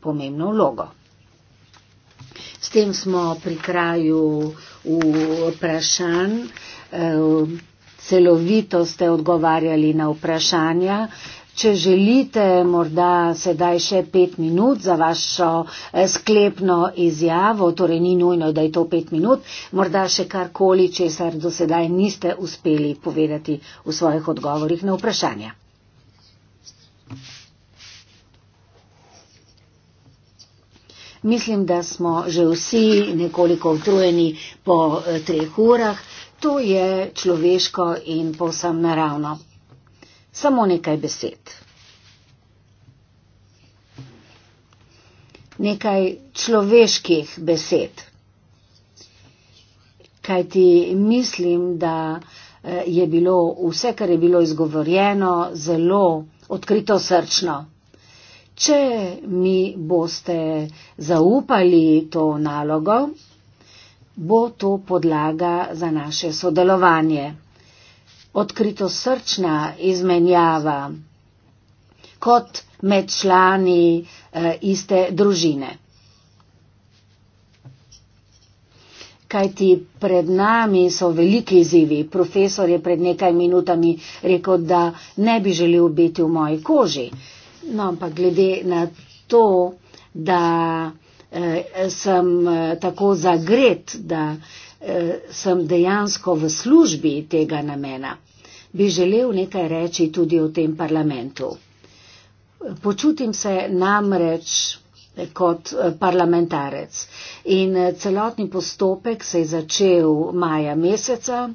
pomembno vlogo. S tem smo pri kraju vprašanj. Eh, celovito ste odgovarjali na vprašanja. Če želite, morda sedaj še pet minut za vašo eh, sklepno izjavo, torej ni nujno, da je to pet minut, morda še karkoli, česar do sedaj niste uspeli povedati v svojih odgovorih na vprašanja. Thank you. Mislim, da smo že vsi nekoliko utrujeni po eh, treh urah. To je človeško in povsem naravno. Samo nekaj besed. Nekaj človeških besed. Kaj ti mislim, da eh, je bilo vse, kar je bilo izgovorjeno, zelo odkrito srčno če mi boste zaupali to nalogo, bo to podlaga za naše sodelovanje. Odkrito srčna izmenjava kot med člani eh, iste družine. Kaj ti pred nami so veliki izzivi. Profesor je pred nekaj minutami rekel, da ne bi želel biti v moji koži. Uh, No, ampak glede na to, da eh, sem eh, tako zagret, da eh, sem dejansko v službi tega namena, bi želel nekaj reči tudi o tem parlamentu. Počutim se namreč eh, kot eh, parlamentarec in eh, celotni postopek se je začel maja meseca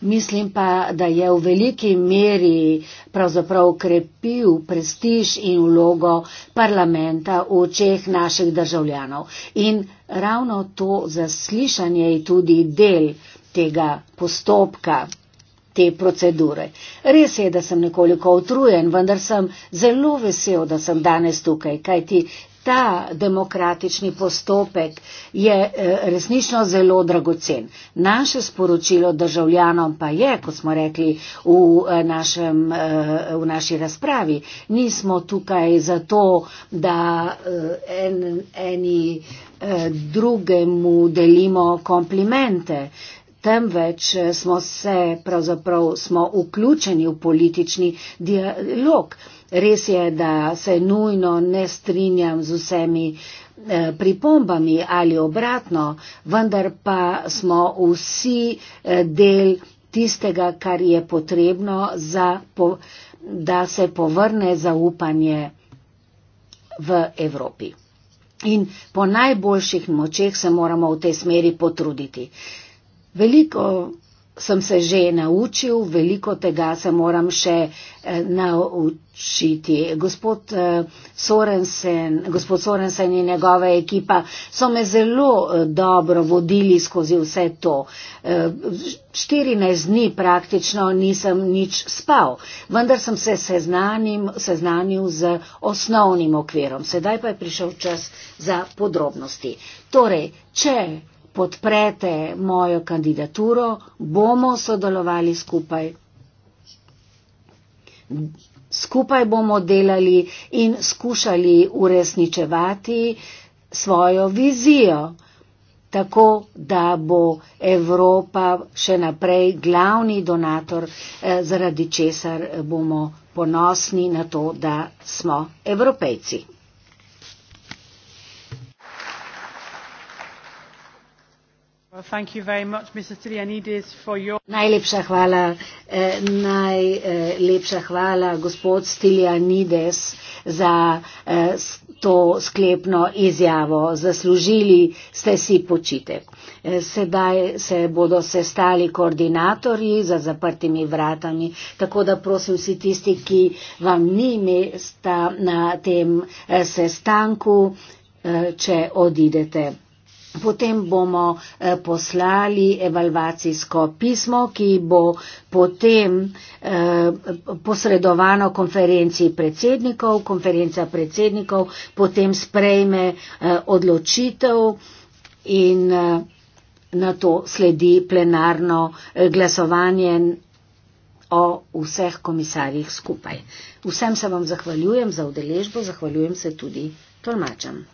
Mislim pa, da je v veliki meri pravzaprav krepil prestiž in vlogo parlamenta v očeh naših državljanov. In ravno to zaslišanje je tudi del tega postopka, te procedure. Res je, da sem nekoliko utrujen, vendar sem zelo vesel, da sem danes tukaj, kajti ta demokratični postopek je eh, resnično zelo dragocen. Naše sporočilo državljanom pa je, kot smo rekli v, eh, našem, eh, v naši razpravi, nismo tukaj zato, da en, eni drugemu delimo komplimente temveč eh, smo se, pravzaprav smo vključeni v politični dialog. Res je, da se nujno ne strinjam z vsemi eh, pripombami ali obratno, vendar pa smo vsi eh, del tistega, kar je potrebno, za, da se povrne zaupanje v Evropi. In po najboljših močeh se moramo v tej smeri potruditi. Veliko sem se že naučil, veliko tega se moram še eh, naučiti. Gospod eh, Sorensen, gospod Sorensen in njegova ekipa so me zelo eh, dobro vodili skozi vse to. 14 dni praktično nisem nič spal, vendar sem se seznanim, seznanil z osnovnim okvirom. Sedaj pa je prišel čas za podrobnosti. Torej, če podprete mojo kandidaturo, bomo sodelovali skupaj. Skupaj bomo delali in skušali uresničevati svojo vizijo, tako da bo Evropa še naprej glavni donator, eh, zaradi česar bomo ponosni na to, da smo evropejci. Thank you very much, Mr. Trianidis, for your... Najlepša hvala, eh, najlepša eh, hvala, gospod Stilianides, za eh, to sklepno izjavo. Zaslužili ste si počitek. Eh, sedaj se bodo sestali koordinatorji za zaprtimi vratami, tako da prosim vsi tisti, ki vam ni mesta na tem eh, sestanku, eh, če odidete. Potem bomo eh, poslali evalvacijsko pismo, ki bo potem eh, posredovano konferenci predsednikov. Konferenca predsednikov potem sprejme eh, odločitev in na to sledi plenarno glasovanje o vseh komisarjih skupaj. Vsem se vam zahvaljujem za udeležbo, zahvaljujem se tudi tolmačem.